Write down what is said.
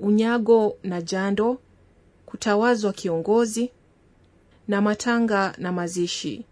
unyago na jando, kutawazwa kiongozi, na matanga na mazishi.